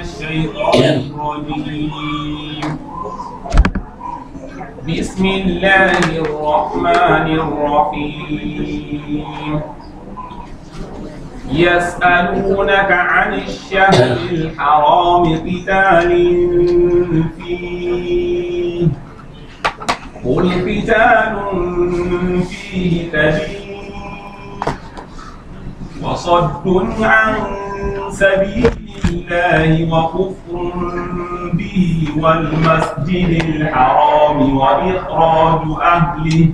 الشيطان الرجيم بسم الله الرحمن الرحيم يسألونك عن الشهر الحرام قتال فيه قل قتال فيه كبير وصد عن سبيل بالله وكفر به والمسجد الحرام وإخراج أهله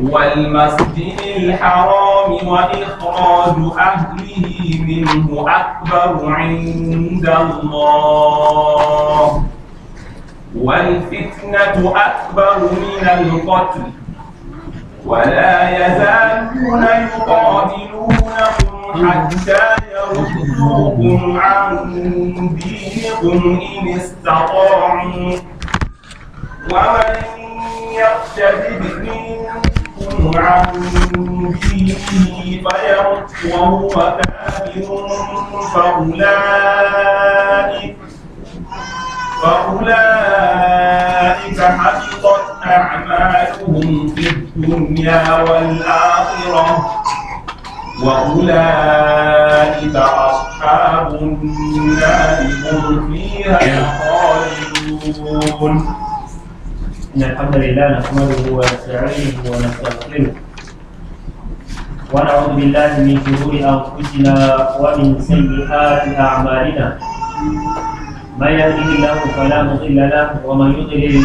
والمسجد الحرام وإخراج أهله منه أكبر عند الله والفتنة أكبر من القتل ولا يزالون يقاتلونهم حتى يردوكم عن دينكم إن استطاعوا ومن يرتد منكم عن دينه فيرد وهو كافر فأولئك فأولئك حبطت أعمالهم في الدنيا والآخرة وأولئك أصحاب النار هم فيها خالدون إن الحمد لله نحمده ونستعينه ونستغفره ونعوذ بالله من شرور أنفسنا ومن سيئات أعمالنا من يهده الله فلا مضل له ومن يضلل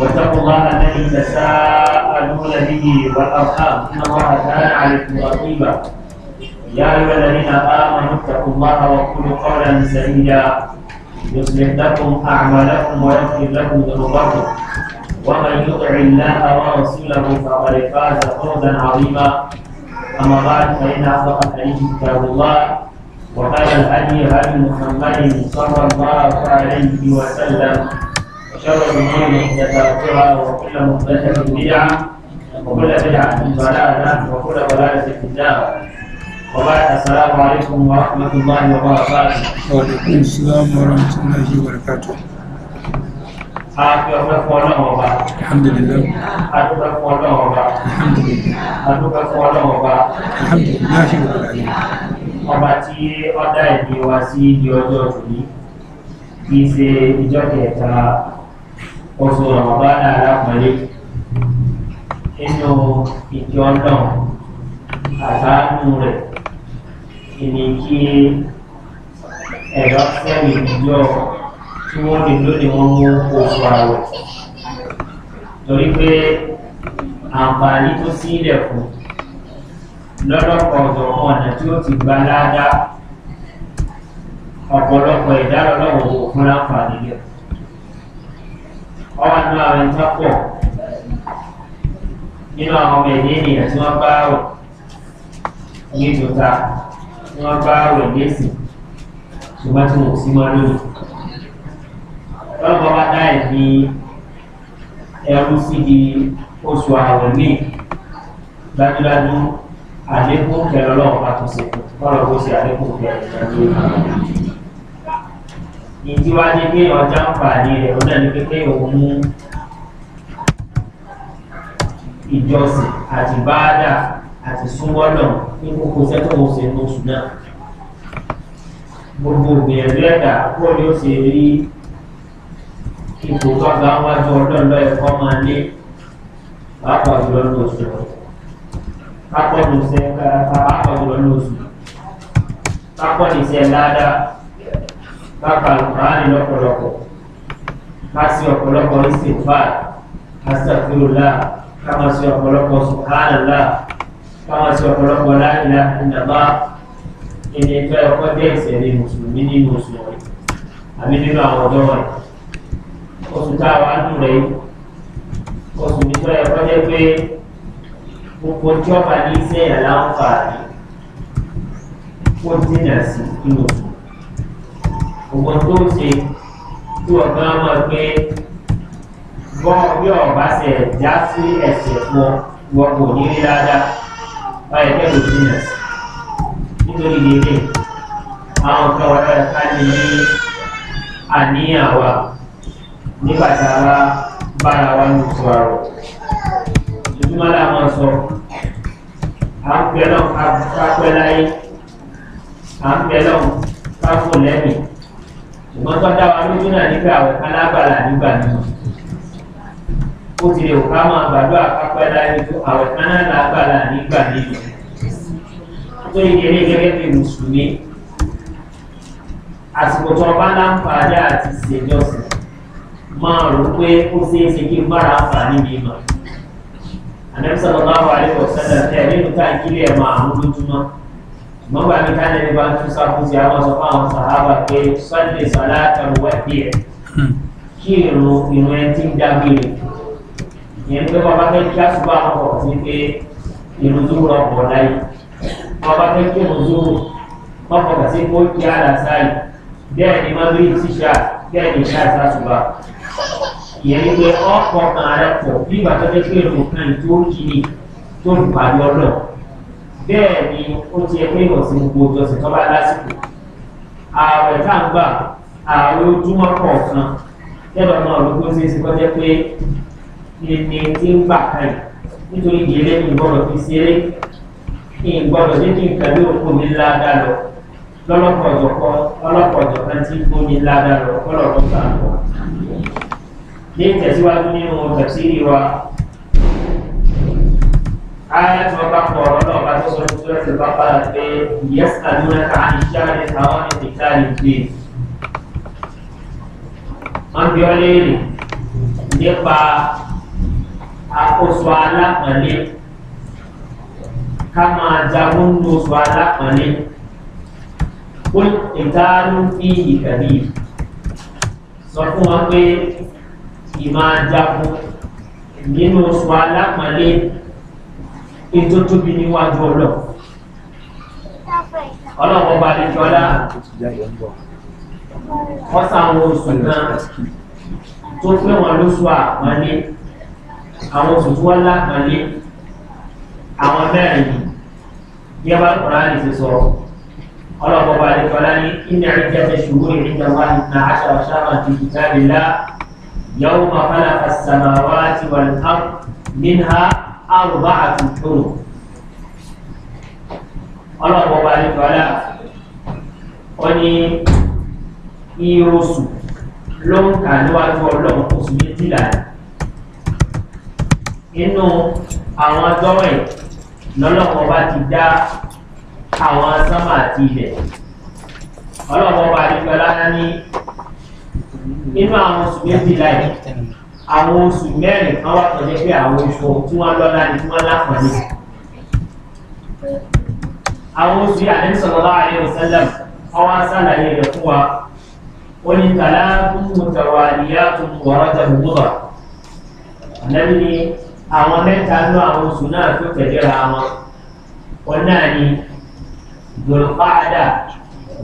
واتقوا الله الذي تساءلون به والارحام ان الله كان عليكم رقيبا يا ايها الذين امنوا اتقوا الله وقولوا قولا سديدا يصلح لكم اعمالكم ويغفر لكم ذنوبكم ومن يطع الله ورسوله فقد فاز فوزا عظيما اما بعد فان اصدق الحديث كتاب الله وقال الهدي هدي محمد صلى الله عليه وسلم وشر الامور محدثاتها وكل محدثه بدعه وكل بدعه ضلاله وكل ضلاله في النار وبعد السلام عليكم ورحمه الله وبركاته. وعليكم السلام ورحمه الله وبركاته. adúgbò fún ọlọ́run ọba adúgbò fún ọlọ́run ọba adúgbò fún ọlọ́run ọba ọba tí ọdá ìdí wa sí ìdí ọjọ́ òní kì í ṣe ìjọ kẹta oṣù rọ̀mọ̀bánà alákọ̀ọ́lé nínú ìjọ náà àbánú rẹ̀ ìní kí ẹ̀rọ sẹ́yìn ìjọ tí wọ́n lè lóde wọn mú oṣù àwẹ̀ torí pé àǹfààní tó sí ilẹ̀ fún lọ́lọ́pọ̀ ọ̀dọ̀ ọ̀nà tí ó ti gba ládàá ọ̀pọ̀lọpọ̀ ìdárọ̀lọ́wọ̀ fún láǹfààní yẹn ọwọ́ nínú àwọn ẹni tó pọ̀ nínú àwọn ọmọ ẹ̀dẹ́ ènìyàn tí wọ́n bá rò ní ìjọta tí wọ́n bá rò ní èsì tí wọ́n sì máa lónìí. lọ́gbọ́n bá dá ẹ̀mí ẹrú sí di oṣù àwẹ̀ míì dájúdájú àlékún kẹrọ lọ́wọ́ bá tó ṣe kọ́ lọ́wọ́ sí àlékún kẹrọ lọ́wọ́ ìdí wá ní pé ọjà ń fà ní rẹ̀ ọ̀dà ní pé òun mú ìjọsìn àti báádà àti súnmọ́nà ní gbogbo sẹ́tọ̀ ọ̀sẹ̀ ní oṣù náà gbogbo ìgbìyànjú ẹ̀dá kó ni ó ṣe rí ipò tọ́gbà wájú ọdún lọ ẹ̀kọ́ máa ní pàápàá jùlọ ní oṣù pápọ̀ ní oṣù ẹ̀ka pápọ̀ jùlọ ní oṣù pápọ̀ ní iṣẹ́ ládàá káka alukurani lọ́pọ̀lọpọ̀ kasi ọ̀pọ̀lọpọ̀ istifa asafirula kamasi ọ̀pọ̀lọpọ̀ sukanala kamasi ọ̀pọ̀lọpọ̀ láìla ìdàbà ẹni tó ẹ̀kọ́ dé ìṣẹ̀lẹ̀ mùsùlùmí nínú oṣù rẹ̀ àbí nínú àwọn ọ̀dọ́ rẹ̀ oṣù tá a wá dùn rẹ̀ oṣù tó ẹ̀kọ́ dé pé gbogbo tí ọba ní iṣẹ́ ìyàlá ń kó dínà sí nínú oṣù gbogbo tó ń ṣe tí wọ́n gbọ́n mọ̀ pé bọ́ọ̀ bí ọ̀bá ṣe já sí ẹ̀sẹ̀ fún ọ wọ́n wa nígbà tá a bá bára wa ní oṣù àrò ìdúmọ̀ làwọn sọ à ń pẹ́ ṣùgbọ́n tó dá wa lójú náà nígbà alábàlà nígbà náà ó ti lè ká máa gbàdúrà kápẹ́ láyé tó àwẹ̀ kan náà lábàlà nígbà nínú tó ìdílé gẹ́gẹ́ bí mùsùlùmí àsìkò tó ọba láǹfààní àti ìṣèjọsìn máa rò pé ó ṣeé ṣe kí n bára àǹfààní mi mọ̀ àdẹ́sọ̀rọ̀ báwo àlẹ́ wọ̀ sẹ́lẹ̀ tẹ̀ nínú káàkiri ẹ̀ máa mú lójúmọ́ ṣùgbọ́n gbà mí táyà ní bá tún sàkóso àwọn sọ fún àwọn sàhábà pé sunday sàlátà wẹ́ẹ̀dì ẹ̀ kí irun irun ẹ ti ń dágbére ìyẹn pé bàbá fẹ́ kí àṣùbà àwọn ọkọ̀ sí pé irun tó rọ ọ̀pọ̀ ni mọ́bí tíṣà bẹ́ẹ̀ ni ìṣá àṣàṣùbà ìyẹn ni pé ọkọ̀ kan àrẹ pọ̀ bí bàbá fẹ́ kí irun kan tó kí ni tó bẹ́ẹ̀ ni ó ti ẹ pé ìwọ̀sí gbogbo ìjọsìn tó bá lásìkò ààrẹ tá ń gbà ààrẹ ojúmọ́ kọ̀ọ̀kan tẹ́lọ̀ náà ló gbó sí ìsìnkọ́ jẹ́ pé ẹni tí ń gbà kan yìí nítorí ìdílé ní ìgbọ́dọ̀ fi ṣeré ní ìgbọ́dọ̀ jẹ́ kí nǹkan bí òkú mi ládàá lọ lọ́lọ́pọ̀ ọ̀jọ̀kan lọ́lọ́pọ̀ ọ̀jọ̀kan tí kò ní ládàá lọ kọ́lọ̀ lọ́sàn-án lọ. ní ìtẹ̀síwájú nínú tẹ̀síwájú ayé tí wọ́n bá kọ̀ ọ̀rọ̀ náà bá tó sọ fún túwẹ́ tí bá padà pé yẹ́sì àdúrà ká àníṣá ní àwọn ìdíkà ní gbé. wọ́n bí ọ léèrè nípa àkóso alápọ̀nlé ká máa jagun ní oṣù alápọ̀nlé kó ìdánú fi ìkàbí sọ fún wọn pé ìmáa jagun nínú oṣù alápọ̀nlé ètò tóbi níwájú ọlọ́ ọlọ́pọ̀ bá lè jọlá wọ́n sáwọn oṣù kan tó pé wọn lóṣù àpọ́nlé àwọn oṣù tí wọ́n lápọ́nlé àwọn mẹ́rin bí ẹ bá kọ̀ọ̀rọ̀ àlè ti sọ̀rọ̀ ọlọ́pọ̀ bá lè jọlá ní ìní àjẹsẹ̀ ṣòwò ìrìnà wà nà àṣà ọ̀ṣà àti ìjáde lá yàwó màfàlà àṣàmàwá ti wà ní àpò nínú àrùbá àti tòrò ọlọ́pọ̀ bá ní tọ́lá ó ní iye oṣù ló ń kà níwájú ọlọ́run oṣù méjìlá inú àwọn ọjọ́rọ̀ ẹ̀ lọ́lọ́pọ̀ bá ti dá àwọn sánmà àti ilẹ̀ ọlọ́pọ̀ bá ní tọ́lá ní inú àwọn oṣù méjìlá yìí àwọn oṣù mẹ́rin kan wà tọ́jú pé àwọn oṣù tí wọ́n lọ́lá ni tí wọ́n láǹfààní. àwọn oṣù àdéhùn sọ̀rọ̀ bá àdéhùn sẹ́lẹ̀m ọwọ́ sàlàyé rẹ̀ fún wa ó ní kàlá gbogbo tàwa ìyá tó ń wọ̀rọ̀ tàbí gbọ́dọ̀. àlẹ́bí ni àwọn mẹ́ta lọ àwọn oṣù náà tó tẹ̀léra wọn. wọn náà ni dùlùpáàdà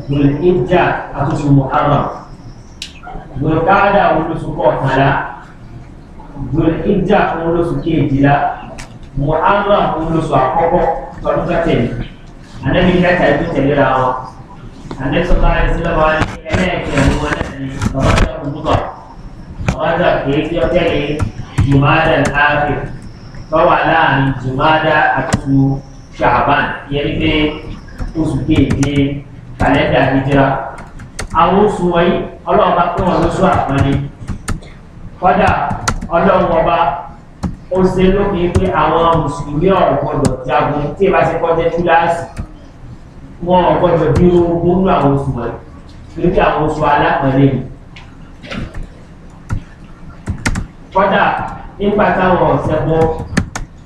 dùlùpíjà àtúnṣe muhammad dùlùpáàdà olóṣù kọ̀ọ̀kanlá ìjà fún olóṣù kéèjìlá muharram fún olóṣù àkọ́kọ́ tọdún tọ́tẹ̀lẹ̀ anabi kẹta ibi tẹ̀léra wọn anabi sọ́kà ẹ̀sìnlẹ̀wọ̀ ẹlẹ́ẹ̀kẹ́ ọ̀hún wọn lẹ́sìn ọ̀bájá òmùtọ̀ ọ̀bájá kéèké ọ̀tẹ̀lẹ̀ jùmọ́dà láàfẹ́ tọ́wà láàrin jùmọ́dà àtúntò ṣàbán yẹn pé oṣù kéèké kàlẹ́ndà hijira àwọn oṣù wọ̀nyí ọlọ́ọ̀bá pé wọn lóṣù àpọ́nlé kọ́dà ọlọ́run ọba ó ṣe lókè pé àwọn mùsùlùmí ọ̀rọ̀ gbọ́dọ̀ jagun tí ìbá ṣe kọjá túláàsì wọn ò gbọ́dọ̀ bí ogún nínú àwọn oṣù wọn lórí àwọn oṣù alápẹ̀lẹ́ yìí. kọ́dà nípa táwọn ọ̀sẹ̀ bọ́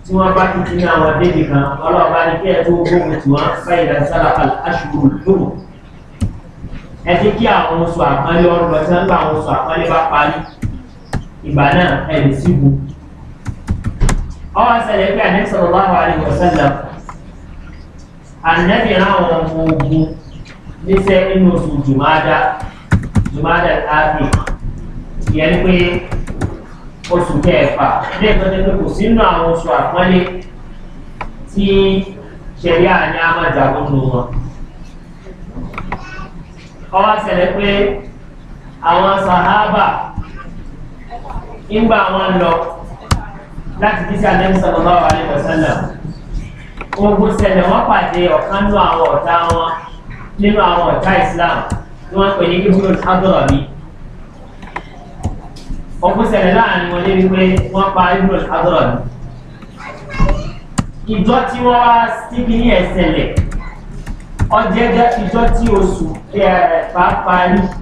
tí wọ́n bá tuntun ní àwọn débi kan ọlọ́ọ̀bá ní kí ẹ tó gbógun tí wọ́n fẹ́yìn lọ sára aṣùgbò lóhùn. ẹ ti kí àwọn oṣù àpọ́nlé ọ̀rọ̀ lọ sí àwọn oṣù àpọ́nlé bá parí ìgbà náà ẹ lè síbu ọwọ́ sẹlẹ̀ pé àníṣọ́rọ̀ láwọ̀ àríwọ̀ sẹ́lẹ̀ ànẹ́bì ráwọn ọmọ ogun níṣẹ́ nínú oṣù jùmọ́dá jùmọ́dá ápì ìyẹn pé oṣù kẹfà ní ìtọ́jú pé kò sínú àwọn oṣù àpọ́nlé tí ṣẹ̀yà ní a wọn ọwọ́ sẹlẹ̀ pé àwọn sàhábà ńgbà wọn lọ láti kí sí àdéhùn sọlọ́lá wa ní ọ̀sẹ́lẹ̀ ogun sẹlẹ̀ wọ́n pàdé ọ̀kan nínú àwọn ọ̀tá wọn nínú àwọn ọ̀tá islam tí wọ́n pè ní ibùdó adọ́rọ̀ mi ogun sẹlẹ̀ láàrin wọn débi pé wọ́n pa ibùdó adọ́rọ̀ mi ìjọ tí wọ́n wá síbi ní ẹ̀sẹ̀lẹ̀ ọjẹ́jẹ́ ìjọ tí oṣù pàápàá yìí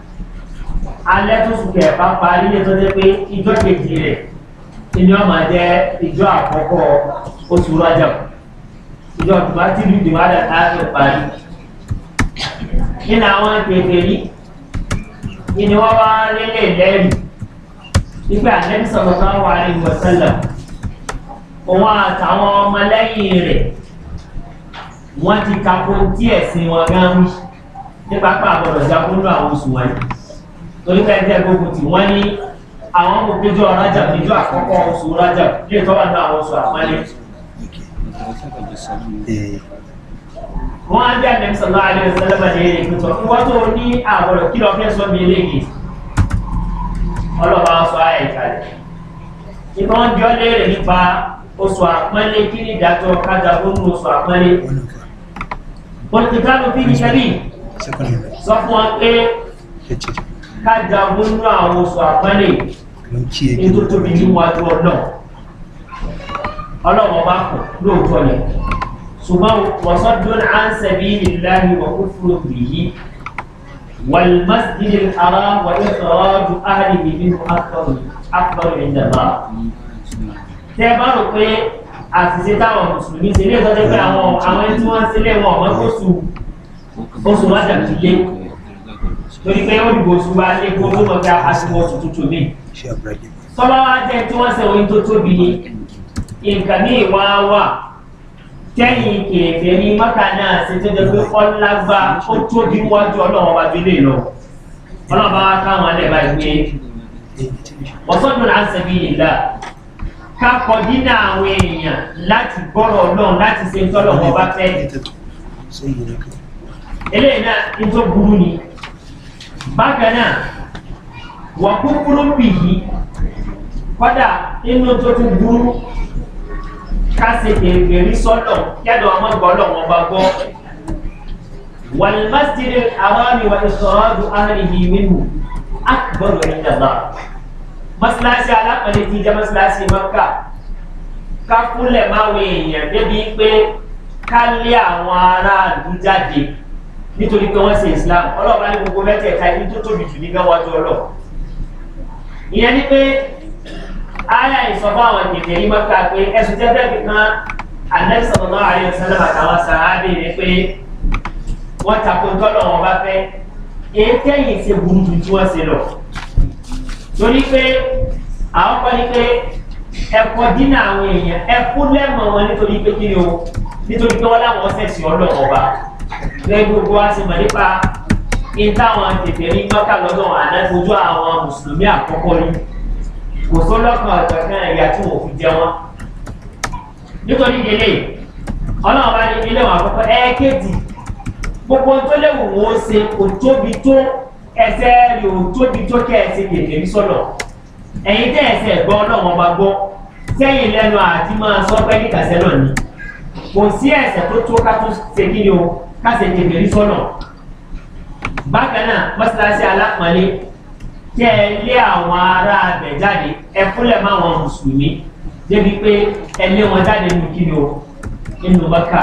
alẹ́ tó sùn kẹfà parí lè tó dé pé ìjọ kejì rẹ̀ ìní ọmọ jẹ́ ìjọ àkọ́kọ́ oṣù rọ́jà ìjọ tòmátìrì dìmọ́dà táàbì parí nínú àwọn kékeré ìní wọ́n wá nílé lẹ́rìí nígbà nẹ́bí sọ̀rọ̀ náà wà ní ìwọ̀sẹ̀lẹ̀ òun àtàwọn ọmọlẹ́yìn rẹ̀ wọ́n ti kakó díẹ̀ sí wọn gán nípa pàbọ̀dọ̀ jákúndú àwọn oṣù wáyé oníkàìtì ẹgbógun tí wọ́n ní àwọn kò péjọ rájà péjọ àkọ́kọ́ oṣù rájà ní ìtọ́wà náà àwọn oṣù àpálẹ́ wọ́n á bí àdẹ́m sọ̀lá àdẹ́m sọ̀lá ní èrè pẹ̀tọ̀ wọ́n tó ní àbọ̀rọ̀ kí lọ fẹ́ sọ mi léyìí ọlọ́wọ́ sọ àyè kalẹ̀ ìgbà wọn bí ọ léèrè nípa oṣù àpọ́nlé kí ní ìdájọ́ kájà ó ní oṣù àpọ́nlé pọ̀lìtìkálù bí ní ṣẹ́bí sọ fún wọn pé kájagun ní àwọn oṣù àpẹẹlẹ ètò tóbi níwájú ọlọ́ ọlọ́wọ́ bá kù lóòótọ́ ni ṣùgbọ́n wọ́sọ́dún à ń sẹ̀bí ìlànà ìwọ̀kú fúrò bìyí والمسجد الحرام وإخراج أهله منه أكبر أكبر عند الله tẹ bá rò pé àṣìṣe táwọn mùsùlùmí ṣe lé tọ́jú pé àwọn àwọn tí wọ́n ń sílẹ̀ wọn ọ̀mọ́ oṣù oṣù wájà fi lé torí pé wọ́n dìbò tó bá lépo tó mọ̀ pé aṣọ tuntun mi. tọ́lá wa jẹ́ tí wọ́n sẹ́ oyin tó tóbi ni nǹkan ní ìwà wà tẹ́yìn kẹfẹ́ ní mọ́ta náà ṣe tó jẹ́ pé ọlágbá ó tóbi wájú ọlọ́wọ́ wájú ilé lọ ọlọ́ba káwọn alẹ́ báyìí pé ọ̀sọ́dún là ń sẹ́bi ìlà ká kọ dínà àwọn èèyàn láti gbọ́rọ̀ ọlọ́run láti ṣe tọ́lọ̀ wọn bá fẹ́ eléyìí náà ń tó burú ni bákan náà wọ́n kúkúrú bì yìí kọ́dà inú tó tún burú ká ṣe èrèrí sọ́dọ̀ kẹ́dọ̀ ọmọ gbọ́dọ̀ wọn bá gbọ́ wọ́n mẹ́sìlẹ̀ àwọn àmì wọ́n ìṣòro ọdún ahàrí yìí nínú akbọ̀rọ̀ ìjàmbá masilasi alápẹ̀lẹ̀ ti jẹ́ masilasi mọ́kà ká kúnlẹ̀ máa wọ èèyàn débi pé ká nítorí pé wọ́n sin islam ọlọ́run á ní gbogbo mẹ́tẹ̀ẹ̀ta ibi tó tóbi jù níbẹ̀ wájú ọlọ́ ìyẹn ni pé aya ìsọfún àwọn kèké yìí máa ń ka pé ẹsùn jẹ́ bẹ́ẹ̀ kíkan anẹ́sọ̀rọ̀ náà àyè sẹ́lẹ̀ àtàwọn sàábì ni pé wọ́n tako tọ́lọ̀ wọn bá fẹ́ èyí tẹ́yìn ṣe burú ju tí wọ́n ṣe lọ torí pé àwọn kọ́ ni pé ẹ̀kọ́ dínà àwọn èèyàn ẹ̀kú lẹ́mọ̀ wọn nítorí pé kí ni o nítorí pé wọ́n láwọn ọ̀sẹ̀ sí ọlọ́wọ́ bá lẹ́yìn gbogbo wa sì mọ̀ nípa in táwọn tètè ní mọ́kà lọ́dọ̀ àdáfojú àwọn mùsùlùmí àkọ́kọ́ ni kò só lọ́kàn ọ̀tọ̀kan ẹ̀yà tí wọ́n fi jẹ wọn nítorí délé ọlọ́run bá ní ilé wọn àkọ́kọ́ ẹ̀ẹ́kejì gbogbo tó léwu wọn ó ṣe kò tóbi tó ẹsẹ̀ rẹ̀ ò tóbi tó kẹ́ ẹ̀sìn kèké ní sọ̀lọ̀ ẹ̀yin tẹ́ ẹ̀sẹ̀ gbọ́ ọlọ́run ọba gbọ́ sẹ́yìn lẹ́nu àti máa sọ pé ní kàṣẹ́ náà ni kò sí ẹ̀sẹ̀ tó tó ká tó ṣe kí ni o káṣe kékeré sọ́nà bákan náà mọ́sálásí alápọ̀nlé kí ẹ lé àwọn ará abẹ jáde ẹ fúnlẹ̀ mọ́ àwọn mùsùlùmí débi pé ẹ lé wọn jáde nù kí ni o nínú mọ́kà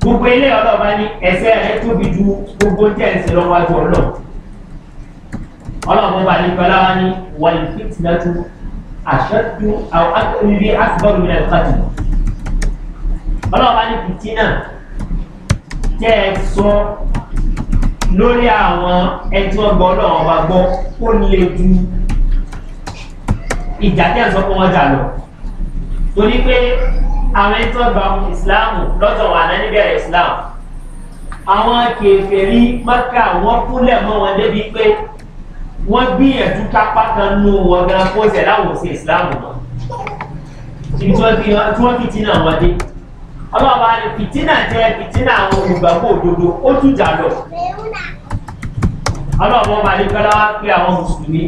gbogbo ilé ọlọ́ba ní ẹsẹ̀ rẹ tóbi ju gbogbo jẹ́ǹsì lọ́wọ́jú ọlọ́ ọlọ́run bá nípa ọlọ́wà ní wọ́n fìtìlá tó àṣọ́jú àwọn akérèdé àtibọ́dù mi náà kàtó ọlọ́run bá ní fìtìlá náà tẹ́ ẹ sọ lórí àwọn ẹni tí wọ́n gbọ́ ọlọ́run wa gbọ́ ó le ju ìjà tẹ́ ẹ sọ fún wọn jà lọ torí pé àwọn ẹni tí wọ́n gba ìsìláàmù lọ́tọ̀ wà náà níbẹ̀rẹ̀ ìsìláàmù àwọn kèfèrí mọ́kà wọ́n kúnlẹ̀ mọ́ wọn débi pé wọ́n gbìyànjú kápá kan nú wọn gan kó ṣẹ̀ láwọn òsè ìsìláàmù náà ibi tí wọ́n fi tí wọ́n fi tí náà wọ́n dé ọlọ́ọ̀bá ni fìtínà jẹ́ fìtínà àwọn olùgbàgbọ́ òdodo ó tújà lọ ọlọ́ọ̀bá ọba ní kọ́lá wá pé àwọn mùsùlùmí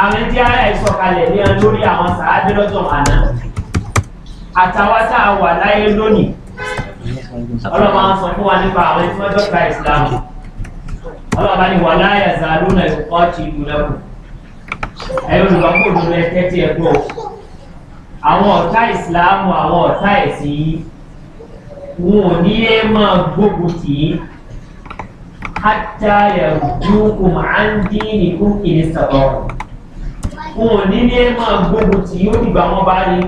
àwọn tí ara ìsọ̀kalẹ̀ ní lórí àwọn sàádé lọ́jọ́ àná àtàwọn tá a wà láyé lónìí ọlọ́ọ̀bá ń sọ fún wa nípa àwọn tí wọ́n dọ́gba ìsìlámù ọlọ́ọ̀bá ni wà láyà zàlúnà ìkọ́ ti ìlú lẹ́kùn ẹ̀yọ́ olùgbàgbọ́ òdodo ẹ̀ tẹ́tí ẹ̀ gbọ́ àwọn ọ̀tá ìsìláàmù àwọn ọ̀tá ẹ̀sìn yìí wọn ò ní yé máa gbógun tì í hátà yàrùdúkù máa ń dín nìkú kìíní sọ̀rọ̀ wọn ò ní yé máa gbógun tì í ó dìgbà wọn bá rí